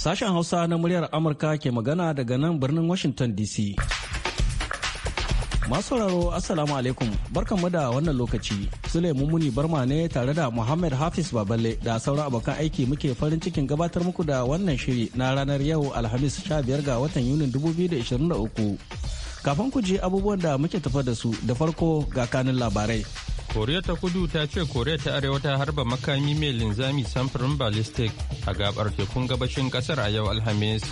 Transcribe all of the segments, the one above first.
Sashen Hausa na muryar Amurka ke magana daga nan birnin Washington DC. Masu sauraro Assalamu alaikum barkanmu da wannan lokaci. Sule Muni Barma ne tare da Muhammad Hafiz Baballe da sauran abokan aiki muke farin cikin gabatar muku da wannan shiri na ranar yau Alhamis 15 ga watan Yunin 2023. Kafin ku ji abubuwan da muke tafa da su da farko ga kanin labarai. koriya ta kudu ta ce koriya ta arewa ta harba makami mai linzami samfurin ballistic a gabar tekun gabashin kasar a yau alhamis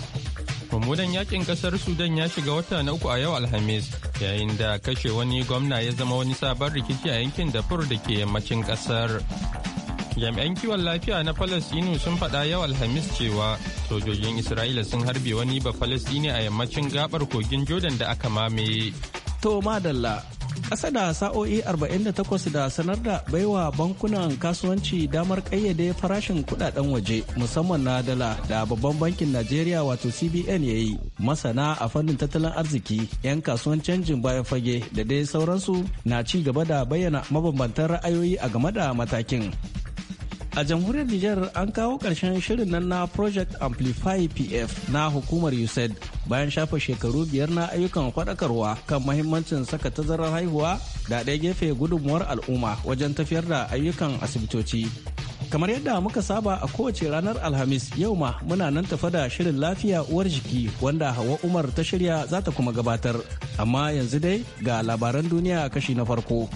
mummunan yakin kasar sudan ya shiga wata na uku a yau alhamis yayin da kashe wani gwamna ya zama wani sabon rikici a yankin da fur da ke yammacin kasar jami'an kiwon lafiya na falastinu sun faɗa yau alhamis cewa sojojin isra'ila sun harbe wani ba falastini a yammacin gabar kogin jordan da aka mamaye to madalla ƙasa da sa'o'i 48 da sanar da baiwa bankunan kasuwanci damar kayyade farashin kudaden waje musamman na dala da babban bankin najeriya wato cbn ya yi masana a fannin tattalin arziki 'yan kasuwan canjin bayan fage da dai sauransu na ci gaba da bayyana mabambantan ra'ayoyi a game da matakin a jamhuriyar Nijar an kawo ƙarshen shirin nan na Project Amplify PF na hukumar USAID bayan shafa shekaru biyar na ayyukan faɗakarwa kan mahimmancin saka tazarar haihuwa da ɗaya gefe gudunmuwar al'umma wajen tafiyar da ayyukan asibitoci. Kamar yadda muka saba a kowace ranar Alhamis yau ma muna nan tafa da shirin lafiya uwar jiki wanda Hawa Umar ta shirya za ta kuma gabatar. Amma yanzu dai ga labaran duniya kashi na farko.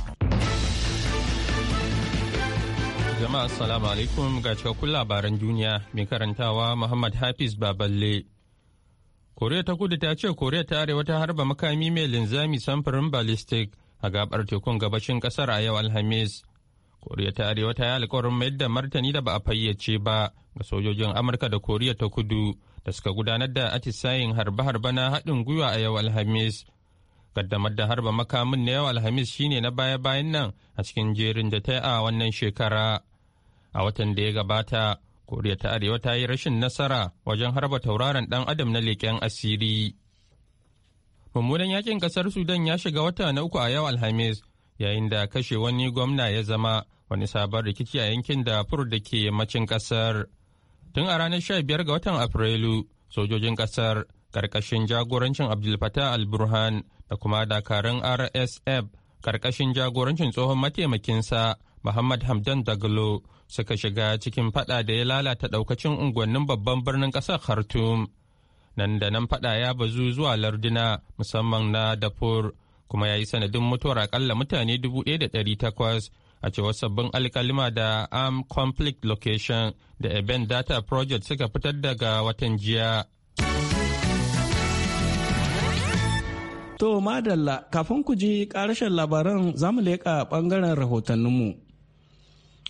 jama'a assalamu alaikum ga cikakkun labaran duniya mai karantawa Muhammad Hafiz Baballe. Koriya ta kudu ta ce Koriya ta arewa ta harba makami mai linzami samfurin ballistic a gabar tekun gabashin kasar a yau Alhamis. Koriya ta arewa ta yi alkawarin mayar da martani da ba a fayyace ba ga sojojin Amurka da Koriya ta kudu da suka gudanar da atisayin harbe-harbe na haɗin gwiwa a yau Alhamis. Kaddamar da harba makamin na yau Alhamis shine na baya-bayan nan a cikin jerin da ta yi a wannan shekara. a watan da ya gabata koriya ta arewa ta yi rashin nasara wajen harba tauraron dan adam na leƙen asiri mummunan yakin kasar sudan ya shiga wata na uku a yau alhamis yayin da kashe wani gwamna ya zama wani sabon rikici a yankin da fur da ke macin kasar tun a ranar sha biyar ga watan afrilu sojojin kasar karkashin jagorancin abdul al-burhan da kuma dakarun rsf karkashin jagorancin tsohon mataimakinsa Muhammad Hamdan Dagalo suka shiga cikin fada da ya lalata daukacin unguwannin babban birnin kasar Khartoum. Nan da nan fada ya bazu zuwa lardina musamman na dafur kuma ya yi sanadin mutuwar akalla mutane 1,800 a cewar sabbin alkalima da Arm Conflict Location da Event Data Project suka fitar daga watan jiya. To madalla kafin ku ji karshen labaran zamu leƙa ɓangaren rahotanninmu.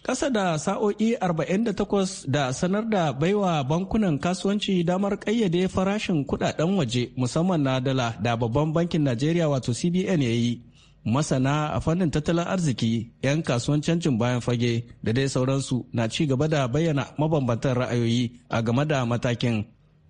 Ƙasa da sa'o'i 48 da sanar da baiwa bankunan kasuwanci damar ƙayyade farashin kuɗaɗen waje musamman na dala da babban bankin Najeriya wato CBN ya yi. Masana a fannin tattalin arziki, 'yan kasuwan canjin bayan fage da dai sauransu na ci gaba da bayyana mabambantan ra'ayoyi a game da matakin.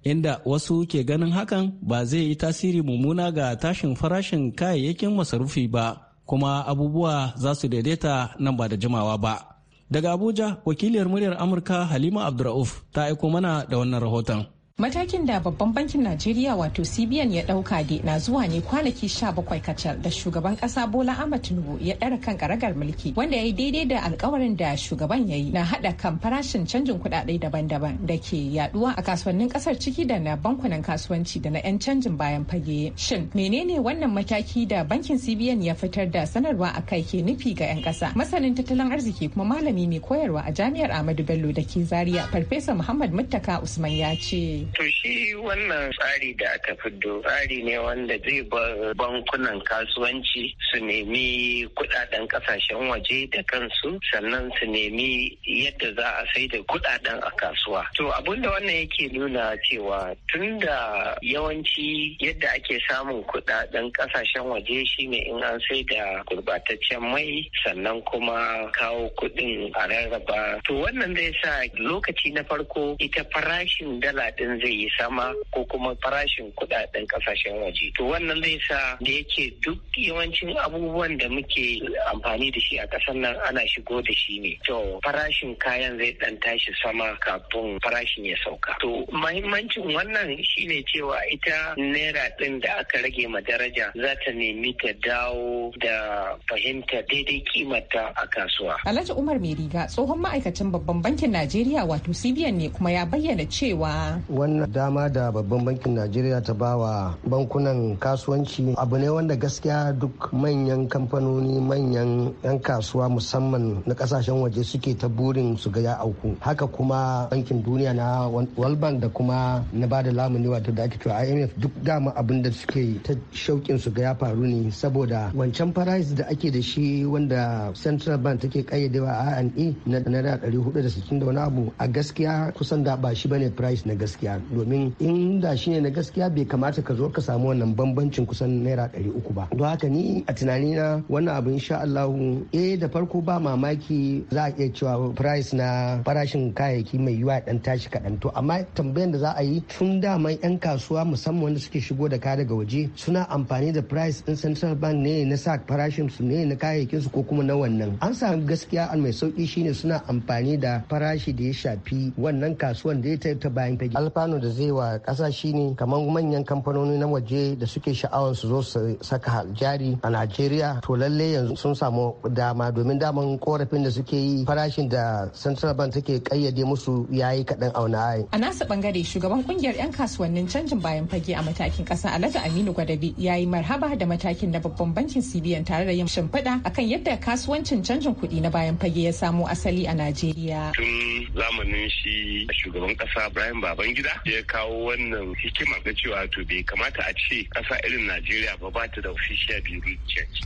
Inda wasu ke ganin hakan ba zai yi tasiri mummuna ga tashin farashin kayayyakin masarufi ba, kuma abubuwa za su daidaita nan ba da jimawa ba. Daga Abuja, wakiliyar muryar Amurka Halima Abdurrauf ta aiko mana da wannan rahoton. Matakin da babban bankin Najeriya wato CBN ya ɗauka de na zuwa ne kwanaki 17 kacal da shugaban kasa Bola Ahmed Tinubu ya ɗara kan karagar mulki wanda ya yi daidai da alkawarin da shugaban ya yi na hada kan farashin canjin kudade daban-daban da ke yaduwa a kasuwannin kasar ciki da na bankunan kasuwanci da na 'yan canjin bayan fage. Shin menene wannan mataki da bankin CBN ya fitar da sanarwa a kai ke nufi ga 'yan kasa Masanin tattalin arziki kuma malami mai koyarwa a jami'ar Ahmadu Bello da ke Zaria Farfesa Muhammad Muttaka Usman ya ce. To shi wannan tsari da aka fiddo tsari ne wanda zai bar bankunan kasuwanci su nemi kudaden kasashen waje da kansu sannan su nemi yadda za a sai da kudaden a kasuwa. To abinda wannan yake nuna cewa tun da yawanci yadda ake samun kudaden kasashen waje shine in an sai da gurbataccen mai sannan kuma kawo kudin a rarraba. To wannan zai sa lokaci na farko ita farashin dala din zai yi sama ko kuma farashin kudaden kasashen waje to wannan zai sa da yake duk yawancin abubuwan da muke amfani da shi a ƙasar nan ana shigo da shi ne to farashin kayan zai ɗan tashi sama kafin farashin ya sauka to mahimmancin wannan shine cewa ita naira ɗin da aka rage ma daraja za ta nemi ta dawo da fahimta daidai kimata a kasuwa. Alhaji Umar Mai Riga tsohon ma'aikacin babban bankin Najeriya wato CBN ne kuma ya bayyana cewa. wannan dama da babban bankin najeriya ta ba wa bankunan kasuwanci abu ne wanda gaskiya duk manyan kamfanoni manyan 'yan kasuwa musamman na kasashen waje suke ta burin su ga ya auku haka kuma bankin duniya na world bank da kuma na da lamuni wato da ake cewa imf duk dama abin da suke ta shauƙin su ga ya faru ne saboda wancan price da ake da shi wanda central bank take kayyadewa e a na naira 460 da wani abu a gaskiya kusan da ba shi bane price na gaskiya biyar domin in da shi ne na gaskiya bai kamata ka zo ka samu wannan bambancin kusan naira ɗari uku ba don haka ni a na wannan abu insha Allahu eh da farko ba mamaki za a iya cewa price na farashin kayayyaki mai yiwa dan tashi kaɗan to amma tambayan da za a yi tun dama yan kasuwa musamman wanda suke shigo da kaya daga waje suna amfani da price din central bank ne na sa farashin su ne na kayayyakin su ko kuma na wannan an samu gaskiya an mai sauki shine suna amfani da farashi da ya shafi wannan kasuwan da ya ta bayan fage kwano da zai wa kasa shine kamar manyan kamfanoni na waje da suke sha'awar su zo su saka jari a Najeriya to lalle yanzu sun samu dama domin daman korafin da suke yi farashin da Central Bank take kayyade musu yayi kaɗan auna A nasa bangare shugaban kungiyar 'yan kasuwannin canjin bayan fage a matakin kasa Alhaji Aminu Gwadabi yayi marhaba da matakin na babban bankin CBN tare da yin shimfiɗa akan yadda kasuwancin canjin kuɗi na bayan fage ya samo asali a Najeriya. Tun zamanin shi shugaban kasa Ibrahim Babangida ya kawo wannan hikima na cewa to bai kamata a ce kasa irin Najeriya ba ba ta da official bureau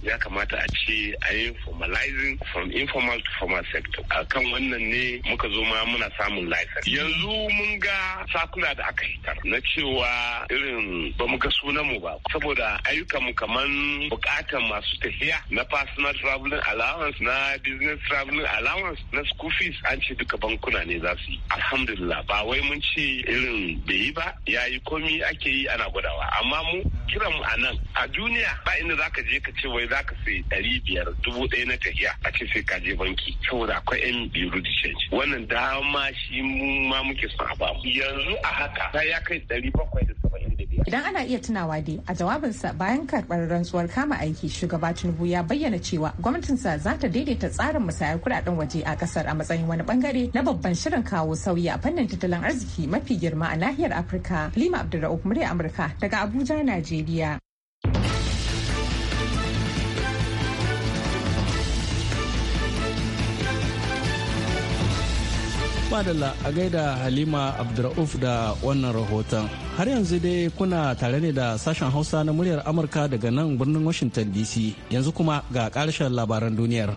ya kamata a ce a yi formalizing from informal to formal sector a kan wannan ne muka zo ma muna samun license yanzu mun ga sakuna da aka hitar na cewa irin ba mu ga sunan mu ba saboda ayyukan mu kaman bukatan masu tafiya na personal traveling allowance na business traveling allowance na school fees an ce duka bankuna ne za su yi alhamdulillah ba wai mun ce irin abin bai yi ba ya yi komi ake yi ana gwadawa amma mu kiran mu a nan a duniya ba inda za ka je ka ce wai za ka sai ɗari biyar dubu ɗaya na tafiya a ce sai ka je banki saboda akwai yan biyu change wannan dama shi mu ma muke son a ba mu. yanzu a haka ta ya kai ɗari bakwai da Idan ana iya tunawa dai a jawabinsa bayan karɓar rantsuwar kama aiki shugaba Tinubu ya bayyana cewa gwamnatinsa za ta daidaita tsarin musayar kudaden waje a kasar a matsayin wani bangare na babban shirin kawo sauyi a fannin tattalin arziki mafi girma a nahiyar Afirka. Lima Abdulrahman Murya Amurka daga Abuja, Najeriya. Madalla a gaida Halima abdulrauf da wannan rahoton. Har yanzu dai kuna tare ne da sashen Hausa na muryar Amurka daga nan birnin Washington DC yanzu kuma ga karshen labaran duniyar.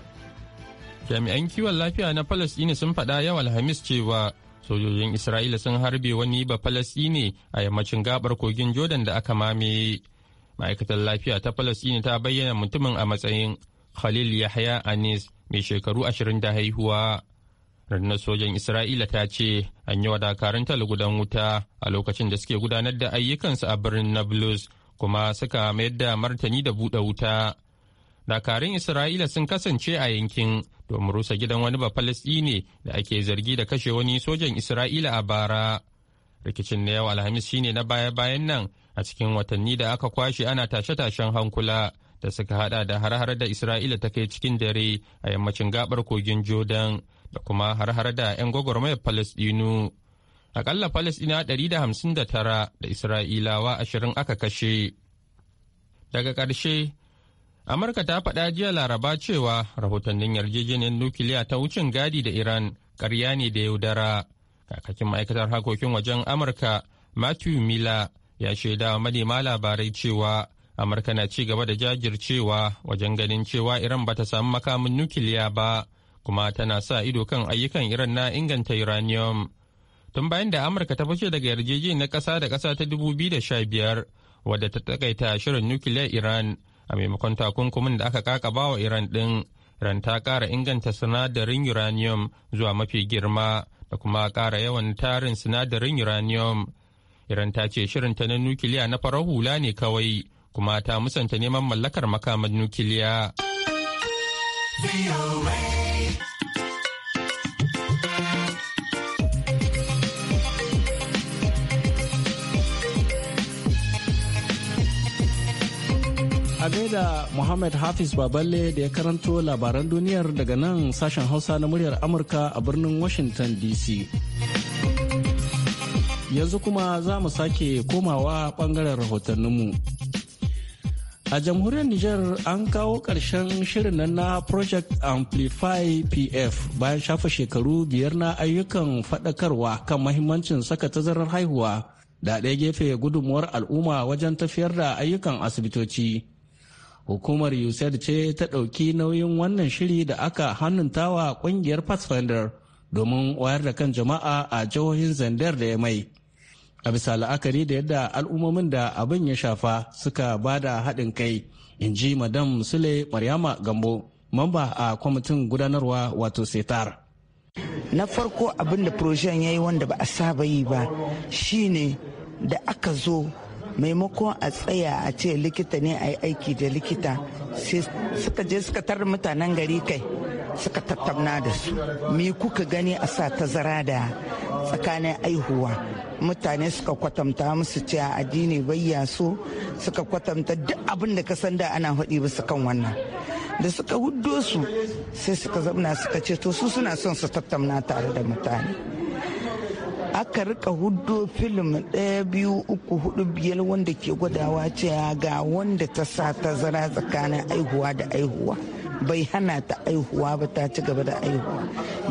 Jami'an kiwon lafiya na Falasɗini sun faɗa yau Alhamis cewa sojojin Isra'ila sun harbe wani ba Falasɗini a yammacin gabar kogin Jordan da aka mame Ma'aikatar lafiya ta Falasɗini ta bayyana mutumin a matsayin Khalil Yahya Anis mai shekaru ashirin da haihuwa. Rundunar sojan Isra'ila ta ce an yi wa dakarun talgudan wuta a lokacin da suke gudanar da ayyukansu a birnin Nablus kuma suka mayar da martani da buɗe wuta. Dakarun Isra'ila sun kasance a yankin domin rusa gidan wani Bafalistine da ake zargi da kashe wani sojan Isra'ila a bara. Rikicin na yau Alhamis shine na baya-bayan nan a cikin watanni da aka kwashe ana tashe-tashen hankula da suka hada da har-har da Isra'ila ta kai cikin dare a yammacin gabar kogin Jordan. da kuma har-har da 'yan gwagwarmayar Falasɗinu. Akalla Falasɗina ɗari da hamsin da da tara Isra'ilawa 20 aka kashe. Daga ƙarshe, Amurka ta faɗa jiya Laraba cewa rahotannin yarjejeniyar nukiliya ta wucin gadi da Iran ƙarya ne da yaudara. Kakakin ma'aikatar harkokin wajen Amurka Matthew Miller ya shaida wa manema labarai cewa Amurka na ci gaba da jajircewa wajen ganin cewa Iran bata samu makamin nukiliya ba kuma tana sa ido kan ayyukan Iran na inganta uranium. Tun bayan da Amurka ta fice daga yarjejeniyar ƙasa da kasa ta 2015 wadda ta takaita shirin nukiliyar Iran a maimakon takunkumin da aka kakaba wa Iran ɗin, Iran ta ƙara inganta sinadarin uranium zuwa mafi girma da kuma kara yawan tarin sinadarin uranium. Iran ta ce shirin ta na nukiliya na farar hula ne kawai, kuma ta musanta neman mallakar makaman nukiliya. A da Muhammad Hafiz Baballe da ya karanto labaran duniyar daga nan sashen Hausa na muryar Amurka a birnin Washington DC. Yanzu kuma za mu sake komawa bangaren rahotanninmu. A jamhuriyar Nijar an kawo ƙarshen shirin nan na Project Amplify PF bayan shafa shekaru biyar na ayyukan faɗakarwa kan mahimmancin saka tazarar haihuwa da ɗaya gefe gudunmuwar al'umma wajen tafiyar da ayyukan asibitoci. Hukumar USAID ce ta ɗauki nauyin wannan shiri da aka hannuntawa ƙungiyar Pathfinder domin wayar da kan jama'a a jihohin Zandar da ya mai. a bisa la'akari da yadda al'ummomin da abin ya shafa suka ba da haɗin kai in ji madam sule maryama gambo mamba a kwamitin gudanarwa wato setar na farko abin da projen ya yi wanda ba a saba yi ba shine da aka zo maimakon a tsaya a ce likita ne a yi aiki da likita sai suka je suka tarar mutanen gari kai suka tattauna da su me kuka gani a sa tazara da tsakanin aihuwa mutane suka kwatanta musu cewa addini bayya so suka kwatanta duk abin da ka san da ana haɗi bisa kan wannan da suka huddo su sai suka zamna suka ce to su suna son su tattauna tare da mutane aka rika huddo film ɗaya biyu uku hudu biyar wanda ke gwadawa cewa ga wanda ta sa ta tazara tsakanin aihuwa da aihuwa bai hana ta aihuwa ba ta ci gaba da aihuwa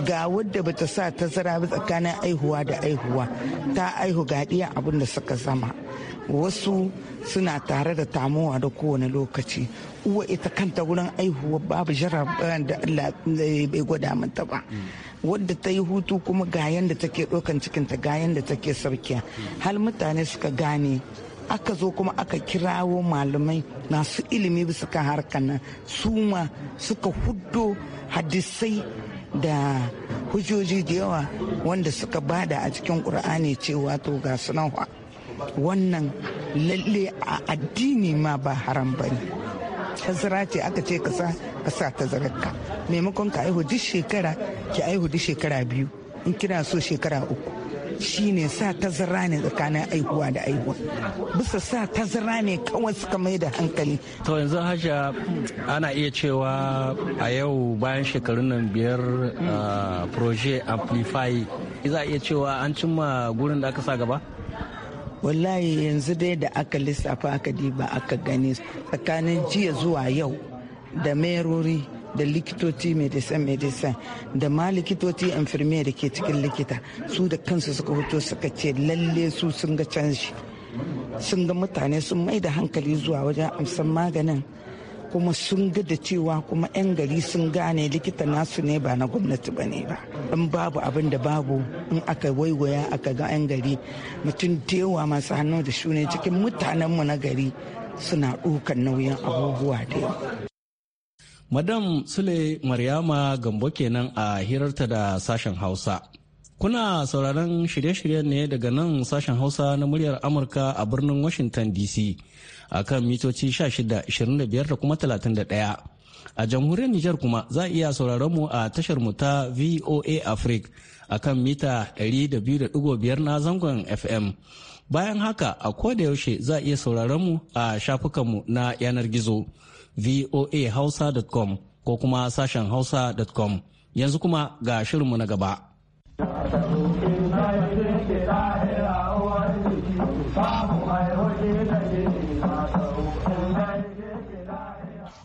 ga wadda bata sa tazara ba tsakanin aihuwa da aihuwa ta aihu ga iya abin da suka zama wasu suna tare da tamowa da kowane lokaci uwa ita kanta wurin aihuwa babu jarabar da Allah bai gwada mata ba wadda ta yi hutu kuma ga yanda take ɗaukan cikinta ga yanda take sarkiya hal mutane suka gane aka zo kuma aka kirawo malamai masu ilimi bisa kan harkar nan su ma suka hudo hadisai da hujjoji da yawa wanda suka bada a cikin ƙur'ani cewa to ga sunanwa wannan lalle a addini ma ba haram ba ne tazara ce aka ce ka sa tazararka maimakon ka aihu duk shekara ki aihu duk shekara biyu in kina so shekara uku shine sa tazara ne tsakanin aihuwa da aihuwa bisa sa tazara ne kawai suka mai da hankali to yanzu hasha ana iya cewa a yau bayan shekarun nan biyar proje amplify za a iya cewa an cimma gurin da aka sa gaba wallahi yanzu dai da aka lissafa aka diba aka gani tsakanin jiya zuwa yau da merori da likitoci medicine medicine da ma likitoci infirmiyar da ke cikin likita su da kansu suka hoto suka ce lalle su sun ga canji sun ga mutane sun mai da hankali zuwa wajen amsan maganin kuma sun ga da cewa kuma 'yan gari sun gane likita nasu ne ba na gwamnati ba ne ba in babu abin da babu in aka waiwaya aka ga 'yan gari mutum tewa masu hannu da shune cikin mutanenmu na gari suna ɗaukar nauyin abubuwa da yawa Madam Sule Maryama Gambo kenan a hirarta da sashen Hausa. Kuna sauraron shirye-shiryen ne daga nan sashen Hausa na muryar Amurka a birnin Washington DC a kan mitoci 1625 da kuma 31. A jamhuriyar Nijar kuma za a iya sauraron mu a tashar mu ta VOA Africa a kan mita 200.5 na zangon FM. Bayan haka a koda yaushe za a iya sauraron mu a shafukanmu na yanar gizo. voahausa.com ko kuma sashen hausa.com yanzu kuma ga shirinmu na gaba.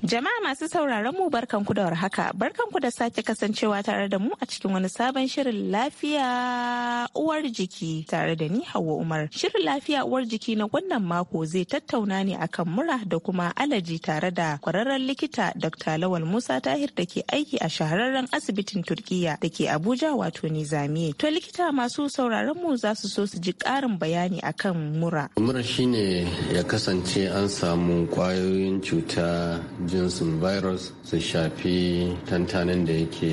Jama'a masu sauraron mu barkan ku da warhaka, ku da sake kasancewa tare da mu a cikin wani sabon shirin lafiya uwar jiki tare da ni Hauwa Umar. Shirin lafiya uwar jiki na wannan mako zai tattauna ne akan mura da kuma alaji tare da kwararren likita Dr. Lawal Musa Tahir da ke aiki a shahararren asibitin Turkiyya da ke Abuja wato Nizamiye. To likita masu sauraron mu za su so su ji ƙarin bayani akan mura. Mura shine ya kasance an samu kwayoyin cuta jinsin virus su shafi tantanin da yake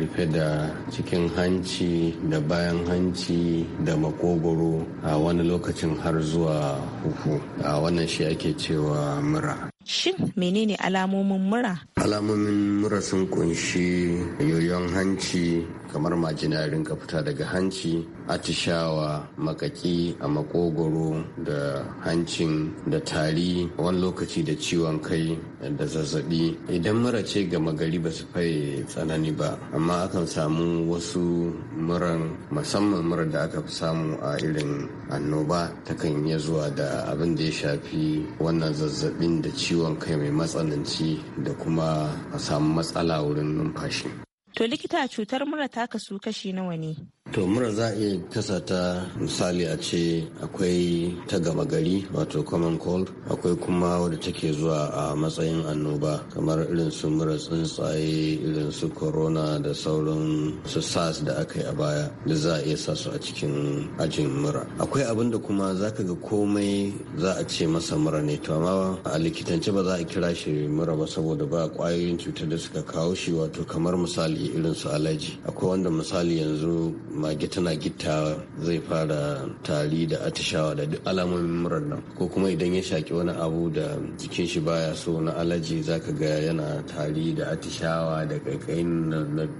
rufe da cikin hanci da bayan hanci da makogoro a wani lokacin har zuwa huhu a wannan shi ake cewa mura shin menene alamomin mura alamomin mura sun kunshi yoyon hanci kamar majina rinka fita daga hanci atishawa makaki a makogoro da hancin da tari wani lokaci da ciwon kai da zazzabi idan mura ce gama gari ba su fai tsanani ba amma akan samu wasu muran musamman mura da aka fi samu a irin annoba takan iya zuwa da abin da ya shafi wannan zazzabin da ciwon ciwon kai mai matsananci da kuma a samu matsala wurin numfashi. To likita cutar mura ta kasu kashi nawa ne? To mura za a iya kasa ta misali a ce akwai ta gama gari wato common cold akwai kuma wadda take zuwa a matsayin annoba kamar irin su mura tsuntsaye irin su corona da sauran su sars da aka yi a baya da za a iya sa su a cikin ajin mura. Akwai abin da kuma za ka ga komai za a ce masa mura ne to amma a likitance ba za a kira shi mura ba saboda ba kwayoyin cutar da suka kawo shi wato kamar misali irin su alaji akwai wanda misali yanzu mage tana gittawa zai fara tari da atishawa da duk alamomin murar nan ko kuma idan ya shaki wani abu da jikin shi baya so na alaji zaka ga yana tari da atishawa da kaikayin na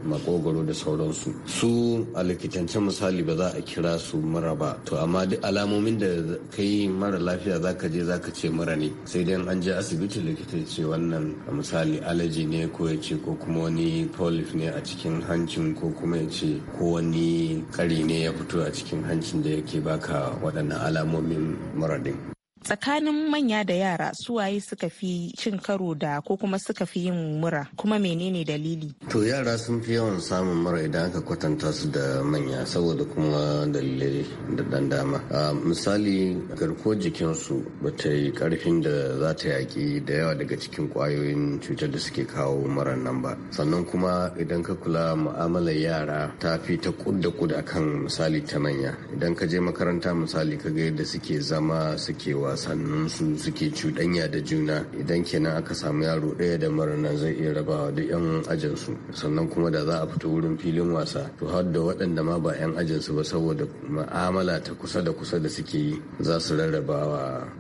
makogoro da sauransu su a likitance misali ba za a kira su mura ba to amma duk alamomin da kai mara lafiya zaka je zaka ce mura ne sai dai an je asibiti likita ya ce wannan misali alaji ne ko ya ce ko kuma wani polyp ne a cikin hancin ko kuma ya ce ko wani wani kari ne ya fito a cikin hancin da yake baka waɗannan alamomin muradin tsakanin manya da yara suwaye suka fi cin karo da ko kuma suka fi yin mura kuma menene dalili to yara sun fi yawan samun mura idan aka kwatanta su da manya saboda kuma dalilai da dan dama misali garko jikinsu ba ta yi karfin da za ta yaki da yawa daga cikin kwayoyin cutar da suke kawo mura nan ba sannan kuma idan ka kula mu'amalar yara ta fi ta kudda da kan akan misali ta manya idan ka je makaranta misali ka ga yadda suke zama suke wa su suke cuɗanya da juna idan kenan aka samu yaro ɗaya da mara nan zai iya rabawa da 'yan ajinsu sannan kuma da za a fito wurin filin wasa to har da waɗanda ma ba 'yan ajinsu ba saboda ma'amala ta kusa da kusa da suke yi za su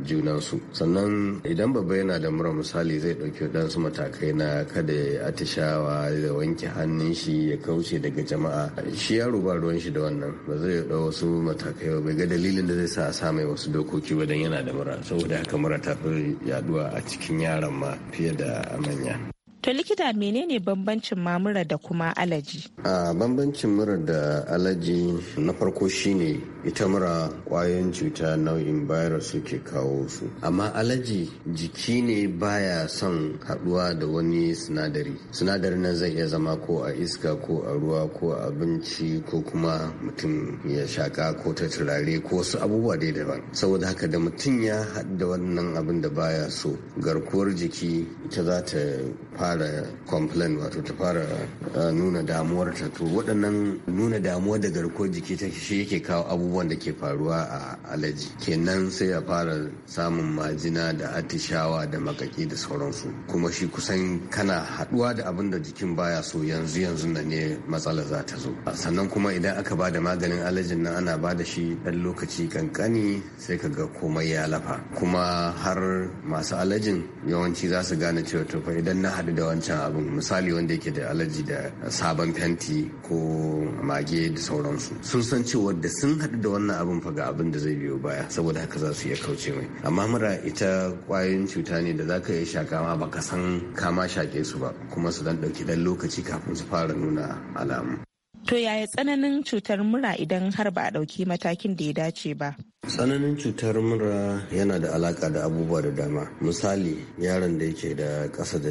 junan su. sannan idan babba yana da mura misali zai ɗauki waɗansu matakai na kada ya atishawa ya wanke hannun shi ya kauce daga jama'a shi yaro ba ruwan shi da wannan ba zai ɗau wasu matakai ba bai ga dalilin da zai sa a sa mai wasu dokoki ba dan yana da mura saboda haka mura ta fi yaduwa a cikin yaran ma fiye da manya To likita menene bambancin mamura da kuma alaji? A bambancin mura da alaji na farko shine ita mura kwayoyin cuta nau'in virus suke kawo su. Amma alaji jiki ne baya son haɗuwa da wani sinadari. Sinadarin nan zai iya zama ko a iska ko a ruwa ko a abinci ko kuma mutum ya shaka ko ta turare ko wasu abubuwa dai daban. Saboda haka da mutum ya haɗu da wannan abin da baya so garkuwar jiki ita za ta fara fara complain wato ta fara uh, nuna damuwar ta to waɗannan nuna damuwa da garko jiki ta shi yake kawo abubuwan da ke faruwa a alaji kenan sai ya fara samun majina da atishawa da makaki da sauransu kuma shi kusan kana haɗuwa da abin da jikin baya so yanzu yanzu na ne matsala za ta zo sannan kuma idan aka ba da maganin alajin nan ana ba da shi ɗan lokaci kankani sai ka ga komai ya lafa kuma har masu alajin yawanci za su gane cewa to fa idan na haɗu da wancan abin misali wanda yake da alaji da sabon fenti ko mage da sauransu sun san cewa da sun haɗu da wannan abin fa ga abin da zai biyo baya saboda haka za su iya kauce mai amma mura ita kwayoyin cuta ne da zaka iya shaka ma ba ka san kama shake su ba kuma su dan ɗauki ɗan lokaci kafin su fara nuna alamu To yaya tsananin cutar mura idan har ba a ɗauki matakin da ya dace ba? tsananin cutar mura yana da alaka da abubuwa da dama misali yaron da yake da ƙasa da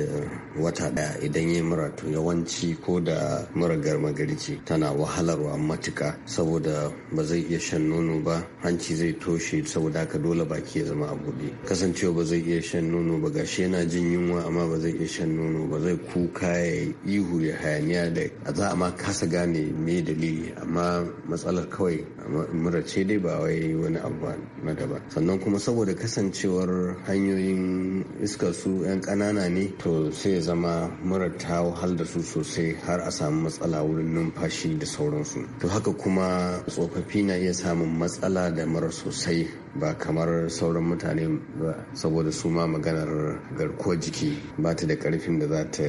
wata daya idan ya mura to yawanci ko da mura garma gari ce tana wahalarwa matuka saboda ba zai iya shan nono ba hanci zai toshe saboda haka dole baki ya zama a kasancewa ba zai iya shan nono ba gashi yana jin yunwa amma ba zai iya shan nono ba zai kuka ya ihu ya hayaniya da a za a ma kasa gane me dalili amma matsalar kawai mura ce dai ba wai wani na daba sannan kuma saboda kasancewar hanyoyin iska su 'yan ƙanana ne to sai ya zama mura ta wahal da su sosai har a samu matsala wurin numfashi da sauransu to haka kuma tsofaffi na iya samun matsala da mara sosai ba kamar sauran mutane ba saboda su ma maganar garkuwar jiki ba ta da karfin da za ta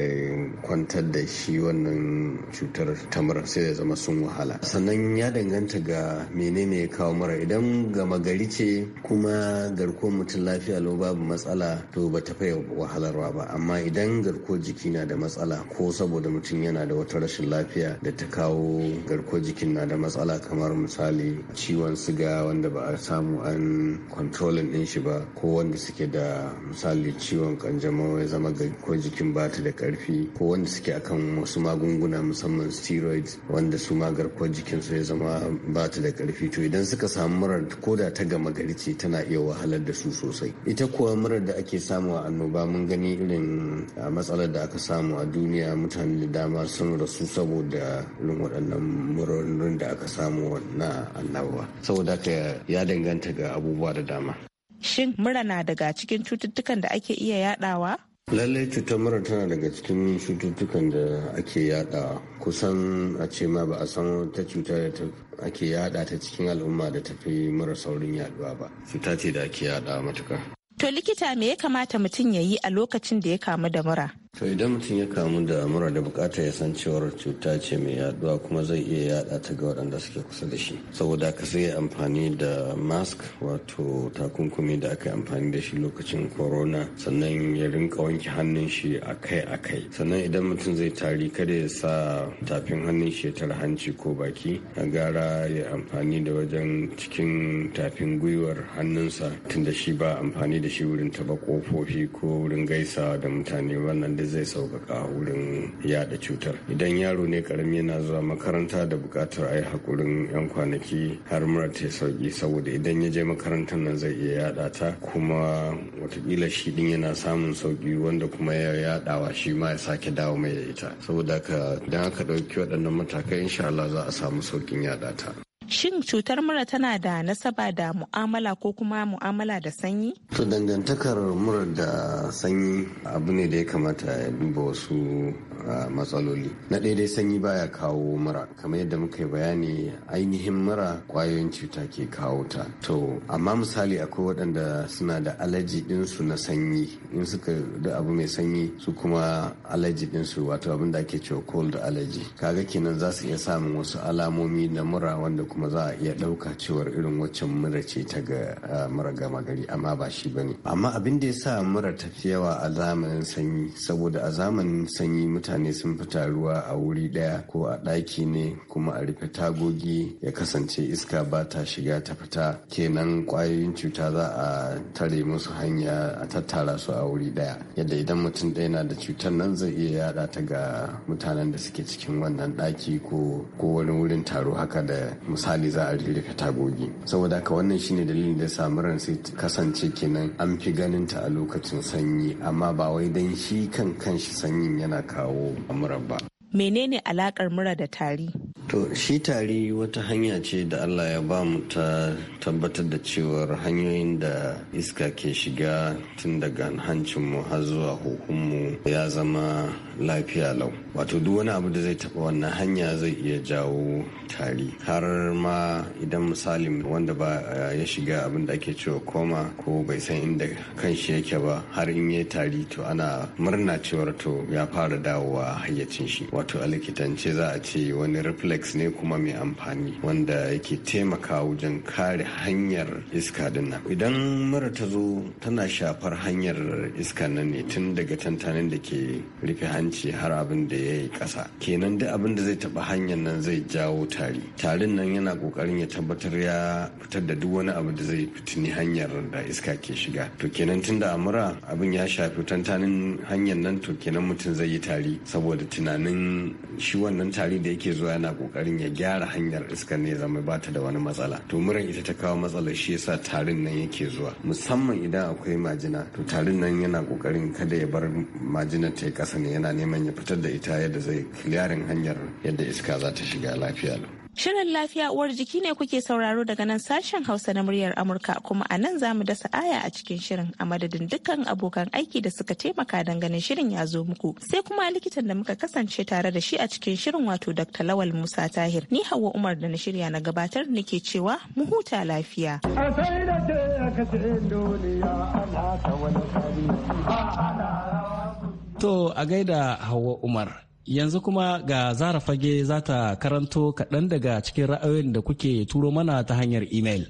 kwantar da shi wannan cutar tamar sai da zama sun wahala sannan ya danganta ga menene ya kawo mara idan gama gari ce kuma garkuwar mutum lafiya lau babu matsala to ba ta fai wahalarwa ba amma idan garkuwar jiki na da matsala ko saboda mutum yana da wata rashin lafiya da ta kawo garkuwar jikin na da matsala kamar misali ciwon siga wanda ba a samu an kontrolin din shi ba ko wanda suke da misali ciwon kanjamau ya zama ko jikin ta da karfi ko wanda suke akan wasu magunguna musamman steroids wanda su ko jikin jikinsu ya zama bata da karfi to idan suka samu murar da ta gama gari ce tana iya wahalar da su sosai ita kuwa murar da ake samu a annoba mun gani irin matsalar da aka samu a duniya mutane da dama sun rasu saboda irin waɗannan murorin da aka samu na annoba saboda ka ya danganta ga abubuwa da dama. Shin mura na daga cikin cututtukan da ake iya yadawa? Lallai cutar mura tana daga cikin cututtukan da ake yadawa. Kusan a ce ma ba a san wata cuta da ake yada ta cikin al'umma da tafi mura saurin yaduwa ba. Cuta ce da ake yadawa matuka. To likita me ya kamata mutum ya yi a lokacin da ya kamu da mura? To idan mutum ya kamu da mura da bukatar ya san cewar cuta ce mai yaduwa kuma zai iya yada ta ga waɗanda suke kusa da shi. Saboda ka sai amfani da mask wato takunkumi da aka amfani da shi lokacin corona sannan ya rinka wanke hannun shi akai-akai. Sannan idan mutum zai tari kada ya sa tafin hannun shi ya tara hanci ko baki a gara ya amfani da wajen cikin tafin gwiwar hannunsa tunda shi ba amfani da shi wurin taba kofofi ko wurin gaisawa da mutane wannan da zai sauƙaƙa wurin yada cutar idan yaro ne karami yana zuwa makaranta da buƙatar a yi haƙurin 'yan kwanaki har mura ta sauƙi saboda idan ya je makarantar nan zai iya yada ta kuma watakila shi din yana samun sauƙi wanda kuma ya yadawa shi ma ya sake dawo mai ita saboda haka idan aka ɗauki waɗannan matakai insha'Allah za a samu sauƙin yada ta. Shin cutar mura tana da nasaba da mu'amala ko kuma mu'amala da sanyi? To dangantakar mura da sanyi abu ne da ya kamata ya duba wasu matsaloli na daidai sanyi baya kawo mura kamar yadda muka yi bayani ainihin mura kwayoyin cuta ke kawo ta to amma misali akwai waɗanda suna da alaji ɗinsu na sanyi in suka da abu mai sanyi su kuma alaji ɗinsu wato abin da ake cewa cold alaji kaga kenan za su iya samun wasu alamomi na mura wanda kuma za a iya ɗauka cewar irin waccan mura ce ta ga mura gama gari amma ba shi bane amma abin da ya sa mura tafi yawa a zamanin sanyi saboda a zamanin sanyi mutane mutane sun fita ruwa a wuri daya. ko a ɗaki ne kuma a rufe tagogi ya kasance iska ba ta shiga ta fita kenan kwayoyin cuta za a tare musu hanya a tattara su a wuri daya. yadda idan mutum ɗaya na da cutar nan zai iya yada ta ga mutanen da suke cikin wannan ɗaki ko ko wani wurin taro haka da misali za a rufe tagogi saboda haka wannan shine dalilin da ya samu ran sai kasance kenan an fi ganin ta a lokacin sanyi amma ba wai dan shi kan kanshi sanyin yana kawo kawo amurabba menene alakar mura da tari to shi tari wata hanya ce da allah ya ba mu ta tabbatar da cewar hanyoyin da iska ke shiga tun daga hancinmu har zuwa hukunmu ya zama lafiya lau wato duk wani abu da zai taba wannan hanya zai iya jawo tari har ma idan misalin wanda ba eh, ya shiga abin da ake cewa koma ko bai san inda kanshi yake ba har in yi tari to ana murna cewar to ya fara dawowa hayyacin shi wato a likitance za a ce wani reflex ne kuma mai amfani wanda yake taimaka wajen kare hanyar iska din idan mura ta zo tana shafar hanyar iska nan ne tun daga tantanin da ke rufe hanci har abin da ya yi ƙasa kenan duk abin da zai taba hanyar nan zai jawo tari tarin nan yana kokarin ya tabbatar ya fitar da duk wani abu da zai fitini hanyar da iska ke shiga to kenan tun da mura abin ya shafi tantanin hanyar nan to kenan mutum zai yi tari saboda tunanin shi wannan tari da yake zuwa yana kokarin ya gyara hanyar iskar ne zama ba ta da wani matsala to muran ita ta kawo matsalar shi yasa tarin nan yake zuwa musamman idan akwai majina to tarin nan yana kokarin kada ya bar majina ta yi kasa ne yana neman ya fitar da ita yadda zai kliyarin hanyar yadda iska za ta shiga lafiya lau Shirin lafiya uwar jiki ne kuke sauraro daga nan sashen Hausa na muryar Amurka kuma a nan zamu dasa aya a cikin shirin a madadin dukkan abokan aiki da suka taimaka don ganin shirin ya zo muku. Sai kuma likitan da muka kasance tare da shi a cikin shirin wato Dr. Lawal Musa Tahir. Ni Hauwa Umar da na shirya na gabatar nake cewa mu huta lafiya. To a gaida Hauwa Umar. Yanzu kuma ga Zara Fage za ta karanto kaɗan daga cikin ra'ayoyin da kuke turo mana ta hanyar imel.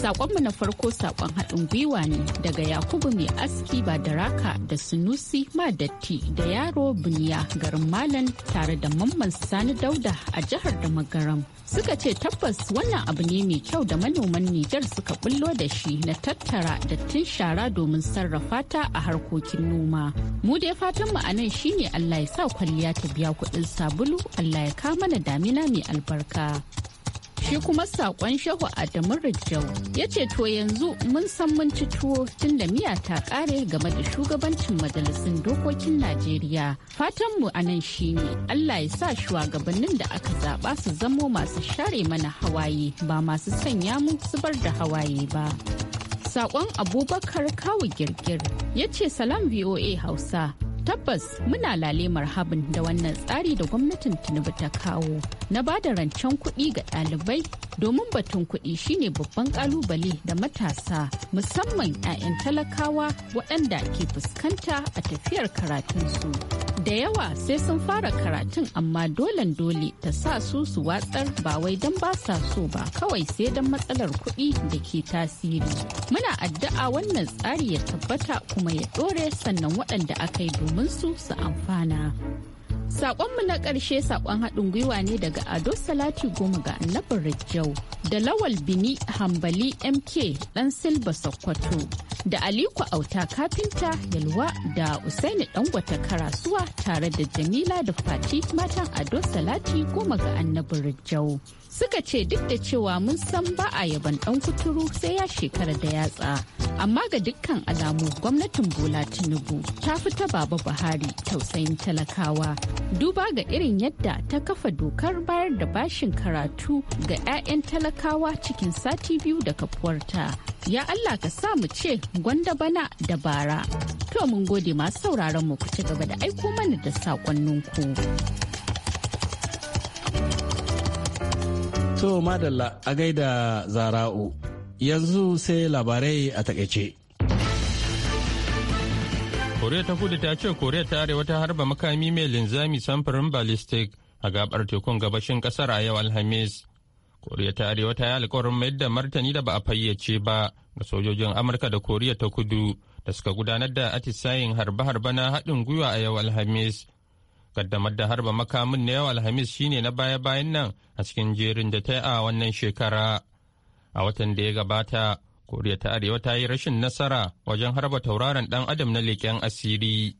Sakonmu na farko sakon haɗin gwiwa ne daga Yakubu mai aski ba da raka da Sunusi Madatti da yaro Buniya garin Malam tare da Mamman Sani Dauda a jihar da Magaram. Suka ce tabbas wannan abu ne mai kyau da manoman Nijar suka bullo da shi na tattara dattin shara domin sarrafa ta a harkokin noma. Mu dai fatanmu a nan shine Allah ya sa kwalliya ta biya kuɗin sabulu, Allah ya kama mana damina mai albarka. Shi kuma saƙon Shehu Adamu Rijau ya ce to yanzu mun san mun ci tuwo tun da miya ta ƙare game da shugabancin majalisun dokokin Najeriya. Fatanmu a nan shi ne Allah ya sa shugabannin da aka zaɓa su zamo masu share mana hawaye ba masu sanya mu zubar da hawaye ba. Saƙon Abubakar Kawu Girgir ya ce salam VOA Hausa. Tabbas muna lalemar habin da wannan tsari da gwamnatin Tinubu ta kawo na ba da rancen kuɗi ga ɗalibai domin batun kuɗi shine babban ƙalubale da matasa musamman 'ya'yan talakawa waɗanda ke fuskanta a tafiyar karatunsu. da yawa sai sun fara karatun amma dolen dole ta sa su su watsar ba wai don ba sa so ba kawai sai don matsalar kuɗi da ke tasiri muna addu'a wannan tsari ya tabbata kuma ya ɗore sannan waɗanda aka yi domin su su amfana. Sakonmu na ƙarshe sakon haɗin gwiwa ne daga Ado Salati Goma ga Annabar Rajau da Lawal Bini Hambali MK ɗan Silba Sokoto da Aliko Auta Kafinta Yalwa da Usaini Ɗangwata Karasuwa tare da Jamila da Fati matan Ado Salati Goma ga Annabar Rajau. suka ce duk da cewa mun san ba a yaban dan kuturu sai ya shekara da yatsa amma ga dukkan alamu gwamnatin bola tinubu ta fita baba buhari tausayin talakawa duba ga irin yadda ta kafa dokar bayar da bashin karatu ga 'ya'yan talakawa cikin sati biyu da kafuwarta ya allah ka sa mu ce gwanda bana da bara to mun gode masu sauraron mu ku ci gaba da aiko mana da saƙonninku. To madalla a gaida zara'u yanzu sai labarai a takaice. Koriya ta kudu ta ce Koriya ta arewa ta harba makami mai linzami samfurin ballistic a gabar tekun gabashin kasar a yau Alhamis. Koriya ta arewa ta yi alkawarin mayar da martani da ba a fayyace ba ga sojojin Amurka da Koriya ta kudu da suka gudanar da atisayin harbe-harbe na haɗin gwiwa a yau Alhamis kaddamar da harba makamin na yau alhamis shine na baya-bayan nan a cikin jerin da ta yi a wannan shekara a watan da ya gabata koriya ta arewa ta yi rashin nasara wajen harba tauraron dan adam na leƙen asiri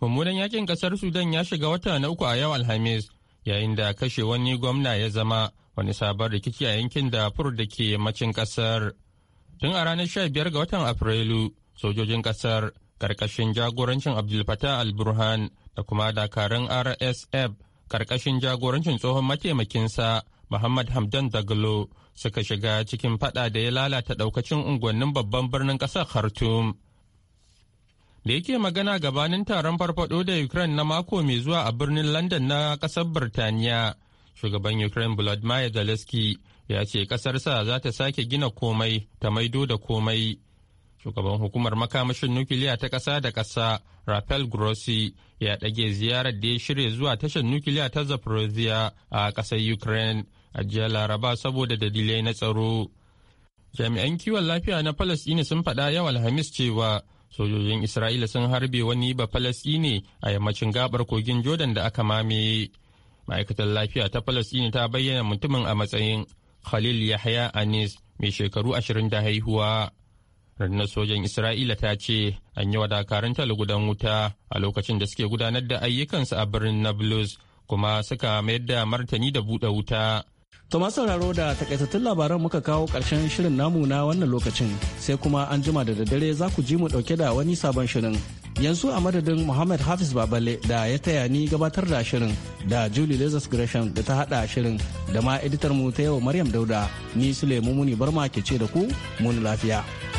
mummunan yakin kasar sudan ya shiga wata na uku a yau alhamis yayin da kashe wani gwamna ya zama wani sabon rikici a yankin da fur da ke macin kasar tun a ranar sha biyar ga watan afrilu sojojin kasar karkashin jagorancin abdulfatah al-burhan da kuma dakarun rsf karkashin jagorancin tsohon mataimakinsa muhammad hamdan daglo suka shiga cikin fada da ya lalata daukacin unguwannin babban birnin kasar khartoum da yake magana gabanin taron farfado da ukraine na mako mai zuwa a birnin london na kasar birtaniya shugaban ukraine volodymyr zelensky ya ce kasarsa za ta sake gina komai ta maido da komai shugaban hukumar makamashin nukiliya ta ƙasa da ƙasa rafael grossi ya ɗage ziyarar da ya shirya zuwa tashar nukiliya ta zaporozhia a ƙasar ukraine a jiya laraba saboda dalilai na tsaro jami'an kiwon lafiya na palestine sun faɗa yau alhamis cewa sojojin isra'ila sun harbe wani ba palestine a yammacin gabar kogin jordan da aka mame ma'aikatar lafiya ta palestine ta bayyana mutumin a matsayin khalil yahya anis mai shekaru ashirin da haihuwa rundunar sojan isra'ila ta ce an yi wa talgudan wuta a lokacin da suke gudanar da ayyukansu a birnin nablus kuma suka mayar da martani da buɗe wuta To sauraro da takaitattun labaran muka kawo ƙarshen shirin namu na wannan lokacin sai kuma an jima da daddare za ku ji mu ɗauke da wani sabon shirin. Yanzu a madadin Muhammad Hafiz Babale da ya taya ni gabatar da shirin da Julie Lazarus Gresham da ta haɗa shirin da ma editar mu ta yau Maryam Dauda ni Suleiman Muni Barma ke ce da ku mun lafiya.